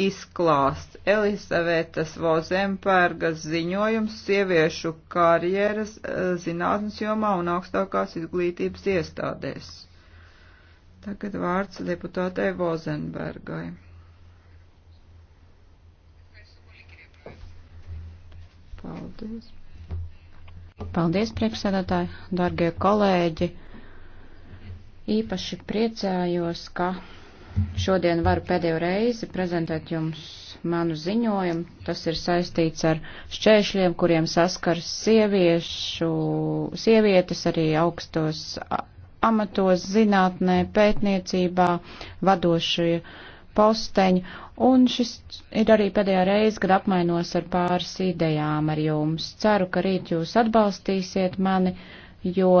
izklāsts. Elisavetas Vozembergas ziņojums sieviešu karjeras eh, zinātnes jomā un augstākās izglītības iestādēs. Tagad vārds deputātei Vozenbergai. Paldies. Paldies, priekšsēdētāji, dargie kolēģi. Īpaši priecājos, ka Šodien varu pēdējo reizi prezentēt jums manu ziņojumu. Tas ir saistīts ar šķēršļiem, kuriem saskars sieviešu, sievietes arī augstos amatos, zinātnē, pētniecībā, vadošie posteņi. Un šis ir arī pēdējā reize, kad apmainos ar pāris idejām ar jums. Ceru, ka rīt jūs atbalstīsiet mani, jo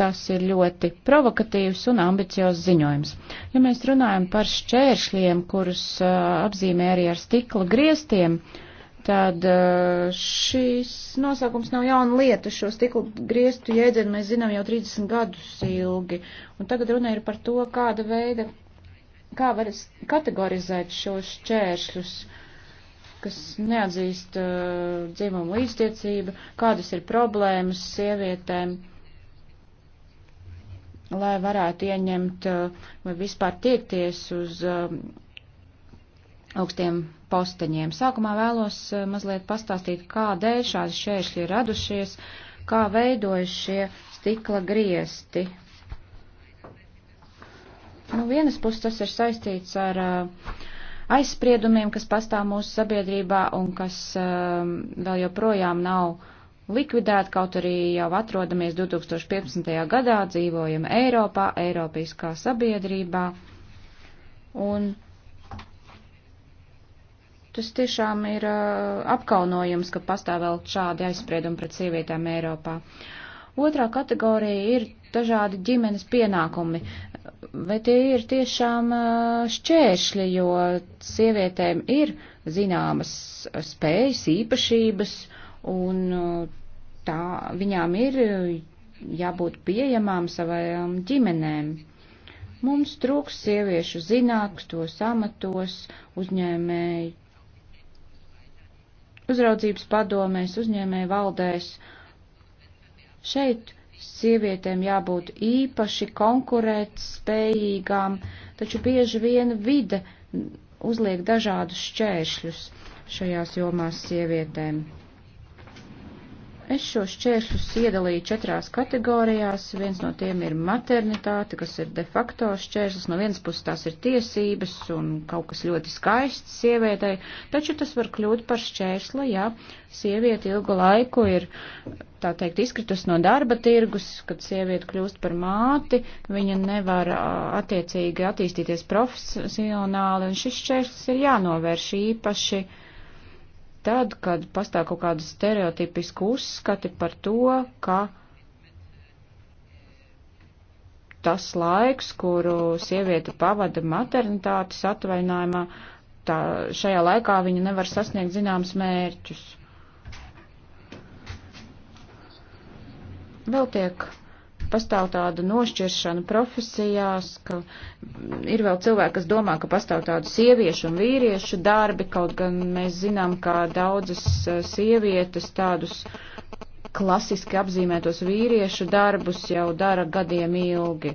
Tas ir ļoti provokatīvs un ambiciozs ziņojums. Ja mēs runājam par šķēršļiem, kurus uh, apzīmē arī ar stikla griestiem, tad uh, šis nosaukums nav jauna lieta. Šo stikla griestu jēdzienu mēs zinām jau 30 gadus ilgi. Un tagad runa ir par to, kāda veida, kā var kategorizēt šos šķēršļus. Uh, kas neatzīst uh, dzimumu līdztiecību, kādas ir problēmas sievietēm, lai varētu ieņemt uh, vai vispār tiekties uz um, augstiem posteņiem. Sākumā vēlos uh, mazliet pastāstīt, kādēļ šādi šķēršļi ir radušies, kā veidojas šie stikla griesti. Nu, vienas puses tas ir saistīts ar uh, aizspriedumiem, kas pastāv mūsu sabiedrībā un kas um, vēl joprojām nav likvidēt, kaut arī jau atrodamies 2015. gadā, dzīvojam Eiropā, Eiropiskā sabiedrībā, un tas tiešām ir uh, apkaunojums, ka pastāv vēl šādi aizspriedumi pret sievietēm Eiropā. Otrā kategorija ir dažādi ģimenes pienākumi, vai tie ir tiešām uh, šķēršļi, jo sievietēm ir zināmas spējas, īpašības, un uh, tā, viņām ir eh, jābūt pieejamām savām ģimenēm. Mums trūks sieviešu zinākstos amatos, uzņēmēji, uzraudzības padomēs, uzņēmēji valdēs. Šeit sievietēm jābūt īpaši konkurēt spējīgām, taču bieži vien vide uzliek dažādus šķēršļus šajās jomās sievietēm. Es šo šķēršļus iedalīju četrās kategorijās. Viens no tiem ir maternitāte, kas ir de facto šķērslis. No vienas puses tās ir tiesības un kaut kas ļoti skaists sievietei, taču tas var kļūt par šķērsli, ja sieviete ilgu laiku ir, tā teikt, izkritusi no darba tirgus, kad sieviete kļūst par māti, viņa nevar attiecīgi attīstīties profesionāli, un šis šķērslis ir jānovērš īpaši tad, kad pastāv kaut kādu stereotipisku uzskati par to, ka tas laiks, kuru sieviete pavada maternitātes atvainājumā, tā, šajā laikā viņa nevar sasniegt zināms mērķus. Vēl tiek pastāv tāda nošķiršana profesijās, ka ir vēl cilvēki, kas domā, ka pastāv tādu sieviešu un vīriešu darbi, kaut gan mēs zinām, ka daudzas eh, sievietes tādus klasiski apzīmētos vīriešu darbus jau dara gadiem ilgi.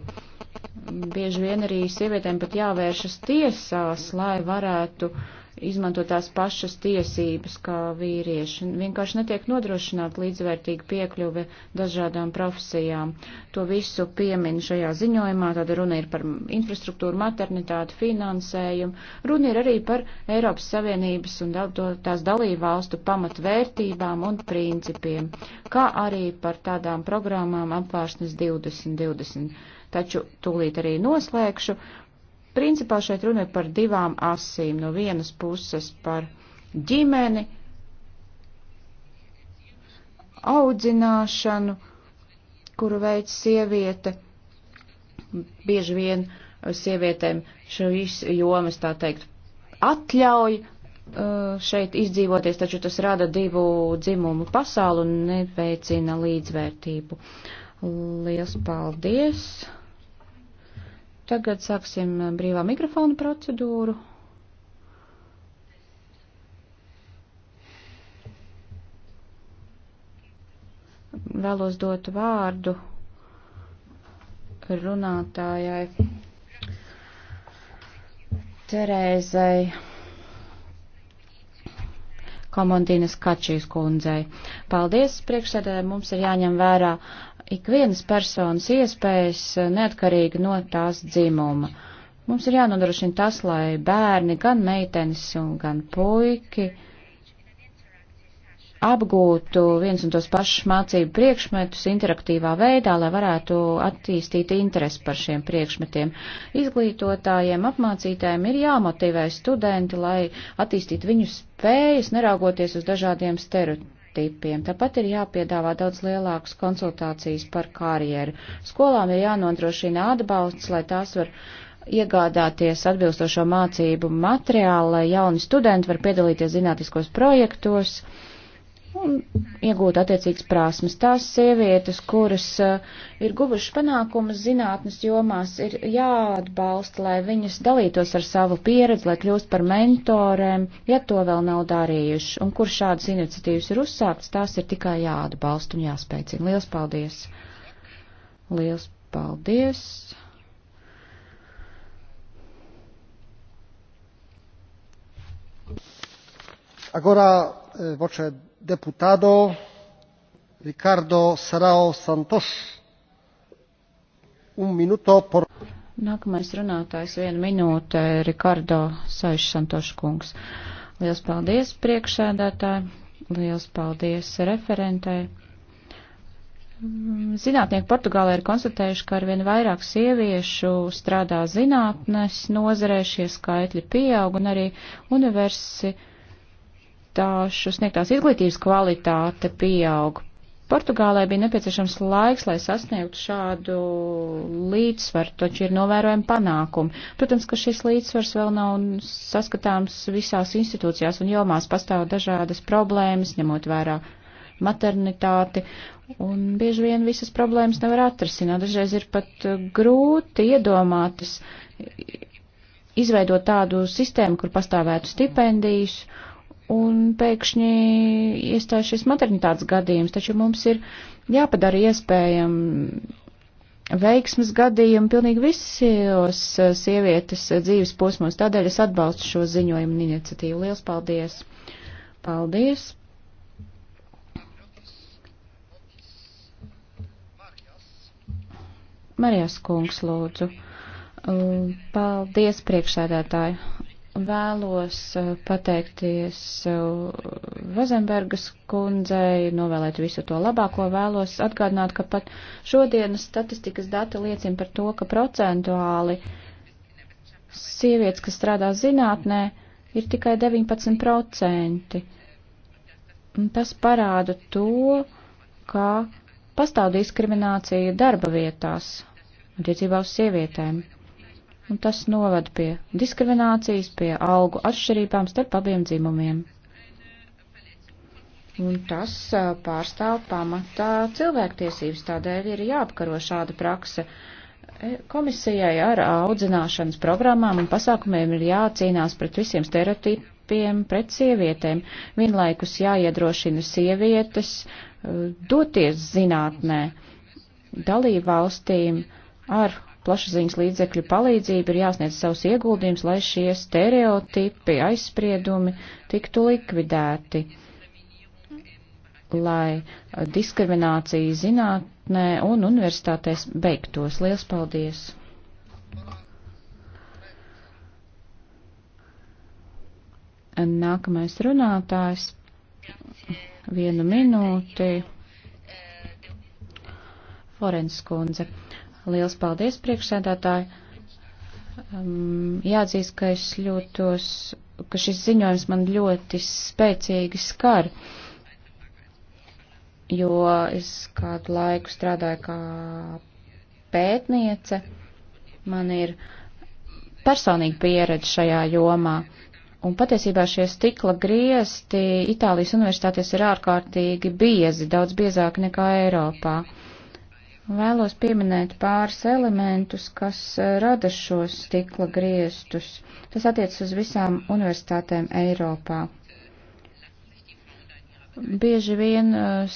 Bieži vien arī sievietēm pat jāvēršas tiesās, lai varētu uh, izmanto tās pašas tiesības kā vīrieši. Vienkārši netiek nodrošināta līdzvērtīga piekļuve dažādām profesijām. To visu piemin šajā ziņojumā. Tad runa ir par infrastruktūru, maternitāti, finansējumu. Runa ir arī par Eiropas Savienības un tās dalību valstu pamatvērtībām un principiem, kā arī par tādām programmām apvārsnes 2020. Taču tūlīt arī noslēgšu. Principā šeit runa ir par divām asīm. No vienas puses par ģimeni, audzināšanu, kuru veids sieviete. Bieži vien uh, sievietēm šīs jomas, tā teikt, atļauj uh, šeit izdzīvoties, taču tas rada divu dzimumu pasauli un neveicina līdzvērtību. Liels paldies! Tagad sāksim eh, brīvā mikrofona procedūru. Vēlos dot vārdu runātājai Terēzai. Komandīnas Kačijas kundzei. Paldies, priekšsēdētāji, mums ir jāņem vērā ikvienas personas iespējas eh, neatkarīgi no tās dzimuma. Mums ir jānodrošina tas, lai bērni, gan meitenes un gan puiki, uh, apgūtu viens un tos pašus mācību priekšmetus interaktīvā veidā, lai varētu attīstīt interesi par šiem priekšmetiem. Izglītotājiem, apmācītājiem ir jāmotivē studenti, lai attīstītu viņu spējas, neraugoties uz dažādiem stereotipiem. Tāpat ir jāpiedāvā daudz lielākas konsultācijas par karjeru. Skolām ir jānodrošina atbalsts, lai tās var iegādāties atbilstošo mācību materiālu, lai jauni studenti var piedalīties zinātniskos projektos un iegūt attiecīgas prasmes. Tās sievietes, kuras uh, ir guvušas panākumus zinātnes jomās, ir jāatbalsta, lai viņas dalītos ar savu pieredzi, lai kļūst par mentorēm, ja to vēl nav darījuši. Un kur šādas iniciatīvas ir uzsāktas, tās ir tikai jāatbalsta un jāspēcina. Lielas paldies! Lielas paldies! Agora voce deputado Ricardo Sarao Santos. Un minuto por. Nākamais runātājs viena minūte - Rikardo Saiš Santoškungs. Liels paldies priekšsēdētāji, liels paldies referentei. Zinātnieki Portugālē ir konstatējuši, ka arvien vairāk sieviešu strādā zinātnes nozarē, šie skaitļi pieaug un arī universitāti universitāšu sniegtās izglītības kvalitāte pieaug. Portugālē bija nepieciešams laiks, lai sasniegtu šādu līdzsvaru, taču ir novērojami panākumi. Protams, ka šis līdzsvars vēl nav saskatāms visās institūcijās un jomās pastāv dažādas problēmas, ņemot vērā maternitāti, un bieži vien visas problēmas nevar atrasināt. Dažreiz ir pat grūti iedomātas, izveidot tādu sistēmu, kur pastāvētu stipendijas un pēkšņi iestājas šis maternitātes gadījums, taču mums ir jāpadara iespējam veiksmas gadījumi pilnīgi visos eh, sievietes eh, dzīves posmos. Tādēļ es atbalstu šo ziņojumu un iniciatīvu. Liels paldies! Paldies! Marijas kungs, lūdzu. Paldies, priekšsēdētāji vēlos eh, pateikties Vazenbergas eh, kundzei, novēlēt visu to labāko. Vēlos atgādināt, ka pat šodienas statistikas dati liecina par to, ka procentuāli sievietes, kas strādā zinātnē, ir tikai 19%. Un tas parāda to, ka pastāv diskriminācija darba vietās attiecībā uz sievietēm un tas novada pie diskriminācijas, pie algu atšķirībām starp abiem dzimumiem. Un tas pārstāv pamatā cilvēktiesības, tādēļ ir jāapkaro šāda praksa. E, komisijai ar audzināšanas programmām un pasākumiem ir jācīnās pret visiem stereotipiem pret sievietēm. Vienlaikus jāiedrošina sievietes doties zinātnē, dalībvalstīm ar plašsaziņas līdzekļu palīdzību ir jāsniedz savus ieguldījumus, lai šie stereotipi, aizspriedumi tiktu likvidēti, lai diskriminācija zinātnē un universitātēs beigtos. Liels paldies! Nākamais runātājs vienu minūti. Forens kundze. Liels paldies, priekšsēdētāji. Um, jāatzīst, ka es ļotos, ka šis ziņojums man ļoti spēcīgi skar, jo es kādu laiku strādāju kā pētniece. Man ir personīga pieredze šajā jomā. Un patiesībā šie stikla griesti Itālijas universitātēs ir ārkārtīgi biezi, daudz biezāki nekā Eiropā. Uh, Vēlos pieminēt pāris elementus, kas eh, rada šos stikla griestus. Tas attiecas uz visām universitātēm Eiropā. Bieži vien eh,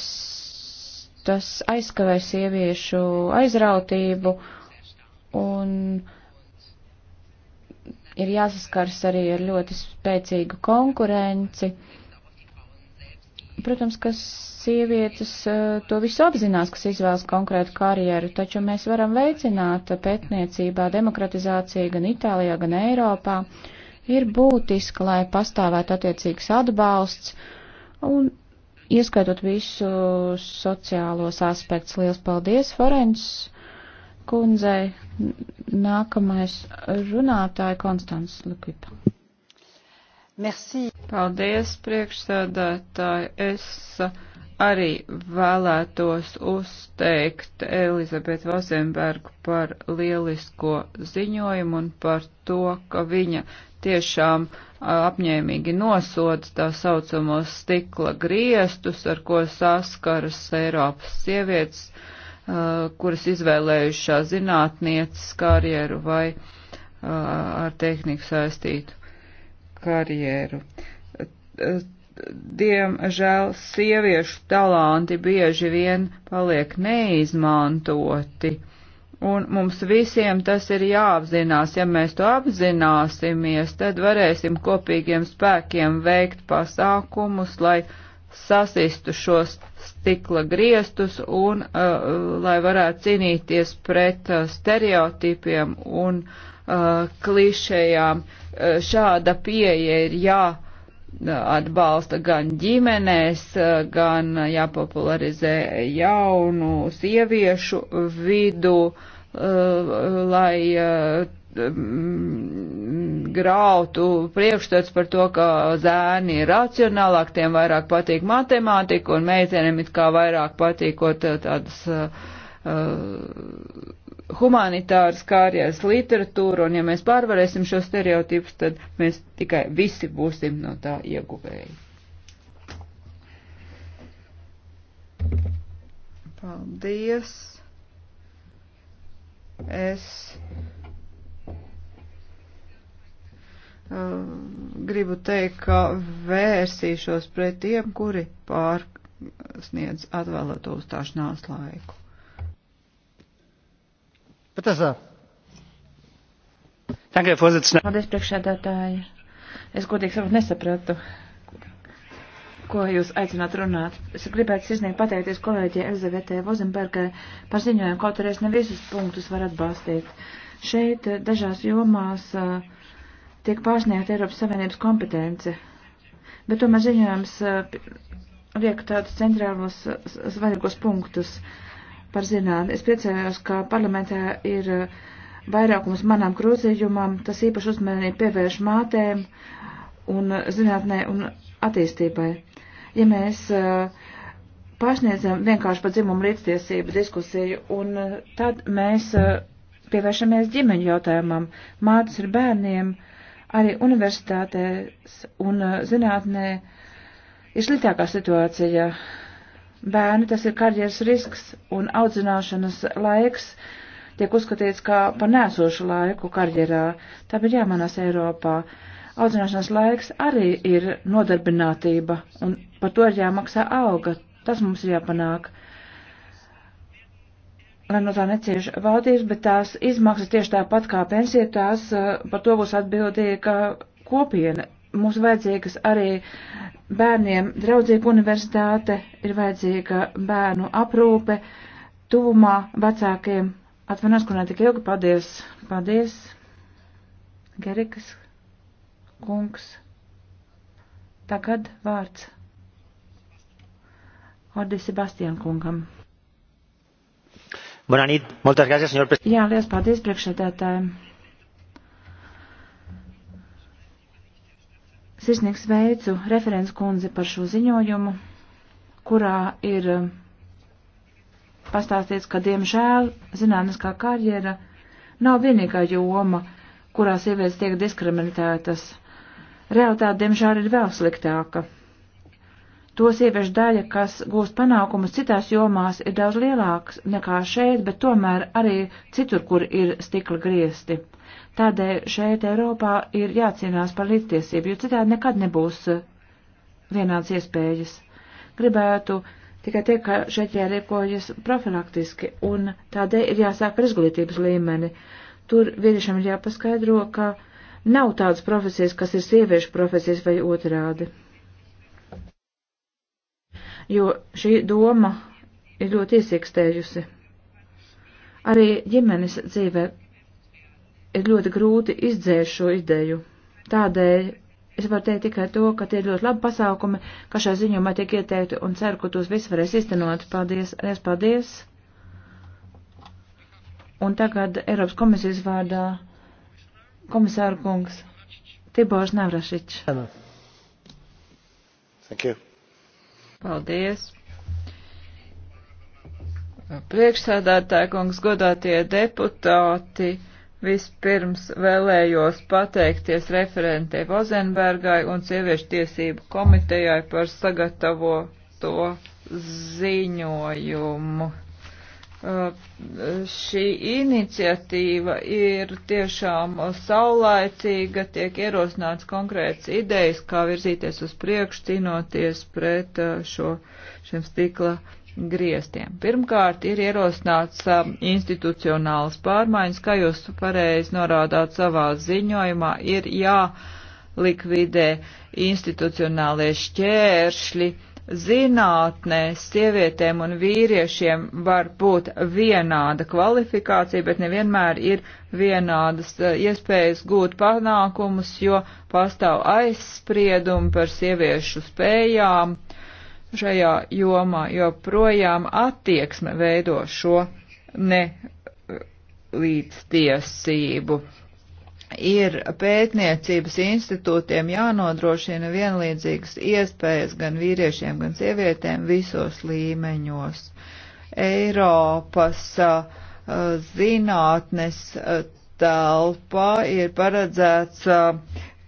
tas aizkavē sieviešu aizrautību un ir jāsaskars arī ar ļoti spēcīgu konkurenci. Uh, Protams, ka sievietes e, to visu apzinās, kas izvēlas konkrētu karjeru, taču mēs varam veicināt pētniecībā demokratizāciju gan Itālijā, gan Eiropā. Ir būtiski, lai pastāvētu attiecīgs atbalsts un ieskaitot visus sociālos aspektus. Liels paldies, Forens kundzei. Nākamais runātāja Konstants Lukipa. Merci. Paldies, priekšsēdētāji. Es arī vēlētos uzteikt Elizabeti Vazembergu par lielisko ziņojumu un par to, ka viņa tiešām apņēmīgi nosoda tā saucamos stikla griestus, ar ko saskaras Eiropas sievietes, kuras izvēlējušās zinātnieces karjeru vai ar tehniku saistītu karjeru. Diemžēl sieviešu talanti bieži vien paliek neizmantoti, un mums visiem tas ir jāapzinās. Ja mēs to apzināsimies, tad varēsim kopīgiem spēkiem veikt pasākumus, lai sasistu šos stikla griestus un uh, lai varētu cīnīties pret uh, stereotipiem un uh, klišejām. Uh, šāda pieeja ir jā. Uh, atbalsta gan ģimenēs, uh, gan jāpopularizē jaunu sieviešu vidu, uh, lai uh, Um, grautu priekšstats par to, ka zēni ir racionālāk, tiem vairāk patīk matemātika un meitenēm it kā vairāk patīkot tādas uh, uh humanitāras kārjas literatūra, un ja mēs pārvarēsim šo stereotipus, tad mēs tikai visi būsim no tā ieguvēji. Paldies. Es Ehm, gribu teikt, ka vērsīšos pret tiem, kuri pārsniedz atvēlēto uzstāšanās laiku. Paldies, priekšsēdētāji. Es godīgi sakot nesapratu, ko jūs aicināt runāt. Es gribētu sirsnīgi pateikties kolēģiem Elzabetai Vozenbergai par ziņojumu, kaut arī es ne visus punktus varu atbalstīt. Šeit eh, dažās jomās uh, tiek pārsniegta Eiropas Savienības kompetence, bet tomēr ziņojums eh, liek tādus centrālos svarīgos punktus par zinātni. Es priecājos, ka parlamentā ir eh, vairākums manām grozījumam, tas īpaši uzmanību pievērš mātēm un zinātnē un attīstībai. Ja mēs eh, pārsniedzam vienkārši par dzimumu līdztiesību diskusiju, un tad mēs pievēršamies ģimeņu jautājumam. Mātes ir bērniem. Uh, Arī universitātēs un uh, zinātnē ir sliktākā situācija. Bērni tas ir karjeras risks un audzināšanas laiks tiek uzskatīts kā par nēsošu laiku karjerā. Tā ir jāmanās Eiropā. Audzināšanas laiks arī ir nodarbinātība un par to ir jāmaksā auga. Tas mums ir jāpanāk lai no tā necieš valdības, bet tās izmaksas tieši tāpat kā pensija, tās uh, par to būs atbildīga kopiena. Mums vajadzīgas arī bērniem draudzīga universitāte, ir vajadzīga bērnu aprūpe, tuvumā vecākiem. Atvainojos, ka ne tik ilgi, paldies, paldies, Gerikas kungs. Tagad vārds Ordi Sebastian kungam. Bonanit, moltes gràcies, senyor president. Jā, liels paldies priekšsēdētājiem. Sirsnieks veicu referents kundzi par šo ziņojumu, kurā ir um, pastāstīts, ka diemžēl zinātniskā karjera nav vienīgā joma, kurā sievietes tiek diskriminētas. Realtāte, diemžēl, ir vēl sliktāka to sieviešu daļa, kas gūst panākumus citās jomās, ir daudz lielāks nekā šeit, bet tomēr arī citur, kur ir stikla griesti. Tādēļ šeit Eiropā ir jācīnās par līdztiesību, jo citādi nekad nebūs eh, vienāds iespējas. Gribētu tikai tie, ka šeit jārīkojas profilaktiski, un tādēļ ir jāsāk ar izglītības līmeni. Tur vīriešiem ir jāpaskaidro, ka nav tādas profesijas, kas ir sieviešu profesijas vai otrādi jo šī doma ir ļoti iesīkstējusi. Arī ģimenes dzīvē ir ļoti grūti izdzēst šo ideju. Tādēļ es varu teikt tikai to, ka tie ir ļoti labi pasākumi, ka šā ziņumā tiek ieteikti un ceru, ka tos viss varēs iztenot. Paldies, es paldies. Un tagad Eiropas komisijas vārdā komisāra kungs Tibors Navrašičs. Thank you. Paldies! Priekšsādātāji kungs, godātie deputāti, vispirms vēlējos pateikties referentē Vozenbergai un sieviešu tiesību komitejai par sagatavo to ziņojumu. Uh, šī iniciatīva ir tiešām saulaicīga, tiek ierosināts konkrēts idejas, kā virzīties uz priekšu, cīnoties pret uh, šo, šiem stikla griestiem. Pirmkārt, ir ierosināts uh, institucionāls pārmaiņas, kā jūs pareizi norādāt savā ziņojumā, ir jālikvidē institucionālie šķēršļi, zinātnē sievietēm un vīriešiem var būt vienāda kvalifikācija, bet nevienmēr ir vienādas eh, iespējas gūt panākumus, jo pastāv aizspriedumi par sieviešu spējām šajā jomā, jo projām attieksme veido šo nelīdztiesību ir pētniecības institūtiem jānodrošina vienlīdzīgas iespējas gan vīriešiem, gan sievietēm visos līmeņos. Eiropas zinātnes telpā ir paredzēts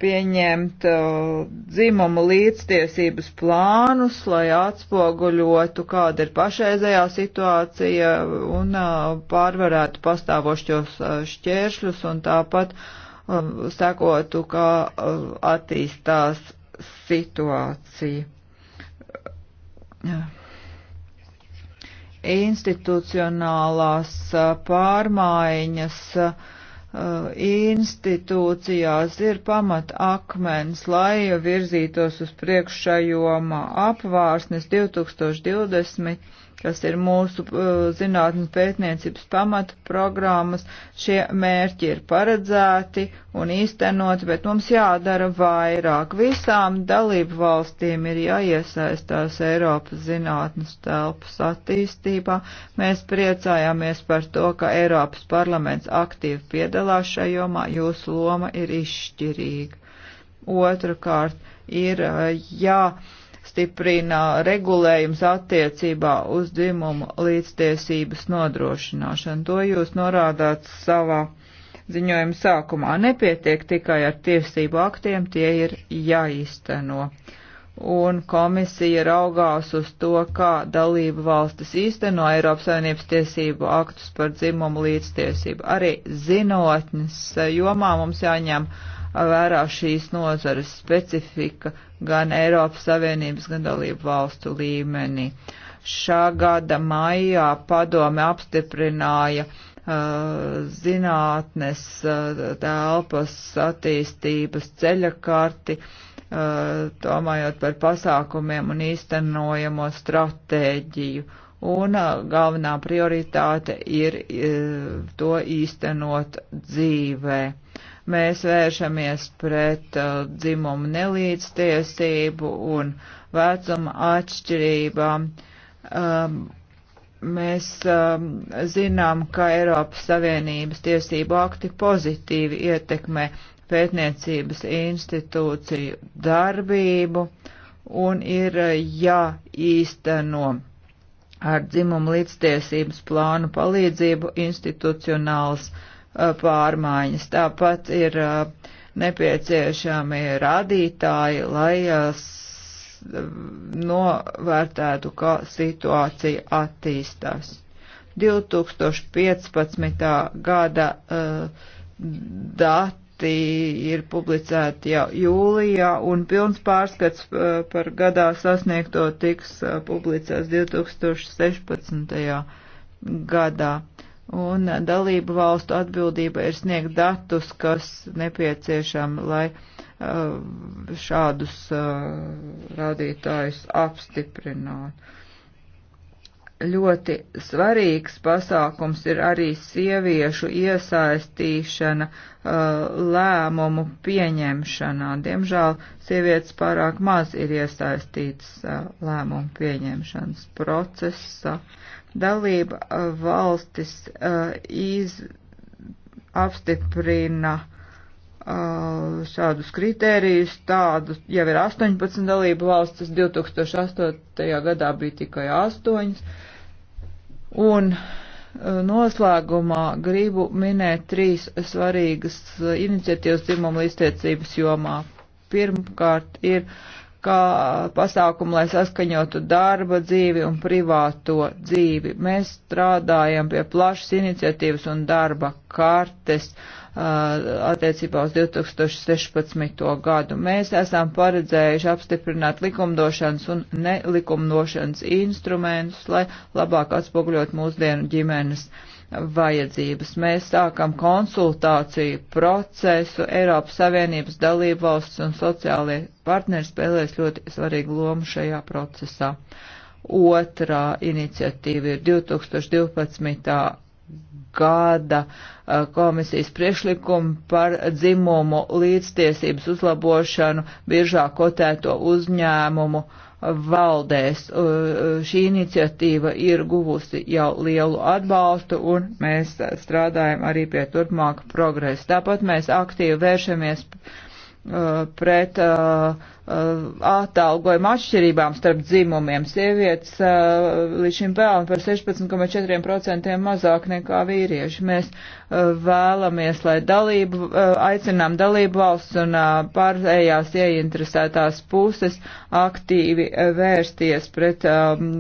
pieņemt dzimumu līdztiesības plānus, lai atspoguļotu, kāda ir pašreizējā situācija un pārvarētu pastāvošos šķēršļus un tāpat uh, Um, sekotu, kā um, attīstās situācija. Jā institucionālās uh, pārmaiņas uh, institūcijās ir pamat akmens, lai virzītos uz priekšējo apvārsnes 2020 kas ir mūsu uh, zinātnes pētniecības pamata programmas, šie mērķi ir paredzēti un īstenot, bet mums jādara vairāk. Visām dalību valstīm ir jāiesaistās Eiropas zinātnes telpas attīstībā. Mēs priecājāmies par to, ka Eiropas parlaments aktīvi piedalās šajā jomā, jūsu loma ir izšķirīga. Otrakārt ir uh, jā. Ja stiprina regulējums attiecībā uz dzimumu līdztiesības nodrošināšanu. To jūs norādāt savā ziņojuma sākumā. Nepietiek tikai ar tiesību aktiem, tie ir jāīsteno. Un komisija raugās uz to, kā dalību valstis īsteno Eiropas Savienības tiesību aktus par dzimumu līdztiesību. Arī zinotnes jomā mums jāņem vērā šīs nozares specifika, gan Eiropas Savienības, gan dalību valstu līmenī. Šā gada maijā padome apstiprināja uh, zinātnes uh, telpas attīstības ceļakarti, uh, domājot par pasākumiem un īstenojamo stratēģiju. Un uh, galvenā prioritāte ir uh, to īstenot dzīvē Mēs vēršamies pret uh, dzimumu nelīdztiesību un vecuma atšķirībām. Um, mēs um, zinām, ka Eiropas Savienības tiesību akti pozitīvi ietekmē pētniecības institūciju darbību un ir uh, jāīsteno ar dzimumu līdztiesības plānu palīdzību institucionāls uh, pārmaiņas. Tāpat ir nepieciešami rādītāji, lai novērtētu, kā situācija attīstās. 2015. gada uh, dati ir publicēti jau jūlijā, un pilns pārskats uh, par gadā sasniegto tiks uh, publicēts 2016. gadā un dalību valstu atbildība ir sniegt datus, kas nepieciešami, lai uh, šādus uh, rādītājus apstiprinātu. Ļoti svarīgs pasākums ir arī sieviešu iesaistīšana uh, lēmumu pieņemšanā. Diemžēl sievietes pārāk maz ir iesaistītas uh, lēmumu pieņemšanas procesā Dalība uh, valstis uh, iz, apstiprina uh, šādus kritērijus, tādus jau ir 18 dalību valstis, 2008. gadā bija tikai 8. Un uh, noslēgumā gribu minēt trīs svarīgas uh, iniciatīvas dzimuma līdztiecības jomā. Pirmkārt ir uh, kā pasākumu, lai saskaņotu darba dzīvi un privāto dzīvi. Mēs strādājam pie plašas iniciatīvas un darba kartes uh, attiecībā uz 2016. gadu. Mēs esam paredzējuši apstiprināt likumdošanas un nelikumdošanas instrumentus, lai labāk atspoguļot mūsdienu ģimenes uh, vajadzības. Mēs sākam konsultāciju procesu, Eiropas Savienības dalību valsts un sociālie partneri spēlēs ļoti svarīgu lomu šajā procesā. Otrā iniciatīva ir 2012. gada komisijas priešlikumu par dzimumu līdztiesības uzlabošanu biežāk kotēto uzņēmumu uh, valdēs. Šī iniciatīva ir guvusi jau lielu atbalstu un mēs strādājam arī pie turpmāka progresa. Tāpat mēs aktīvi vēršamies Uh, pret uh, uh, atalgojuma atšķirībām starp dzimumiem. Sievietes uh, līdz šim pelna par 16,4% mazāk nekā vīrieši. Mēs uh, vēlamies, lai dalību, uh, aicinām dalību valsts un pārējās ieinteresētās puses aktīvi vērsties pret um,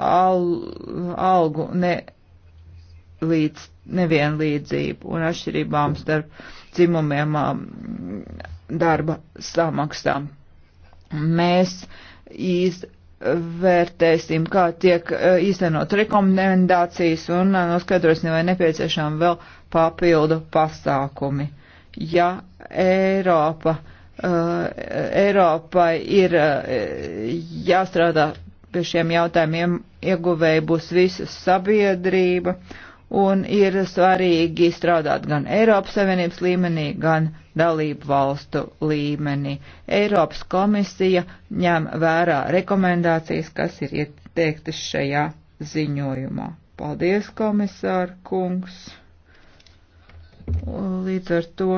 al, algu ne, līdz, nevienlīdzību un atšķirībām starp dzimumiem. Um, darba samaksām. Mēs izvērtēsim, kā tiek e, īstenot rekomendācijas un e, noskaidrosim, vai nepieciešām vēl papildu pasākumi. Ja Eiropa, uh, Eiropai ir uh, jāstrādā pie šiem jautājumiem, ieguvēja būs visa sabiedrība un ir svarīgi strādāt gan Eiropas Savienības līmenī, gan dalību valstu līmenī. Eiropas komisija ņem vērā rekomendācijas, kas ir ieteiktas šajā ziņojumā. Paldies, komisāra kungs! Līdz ar to.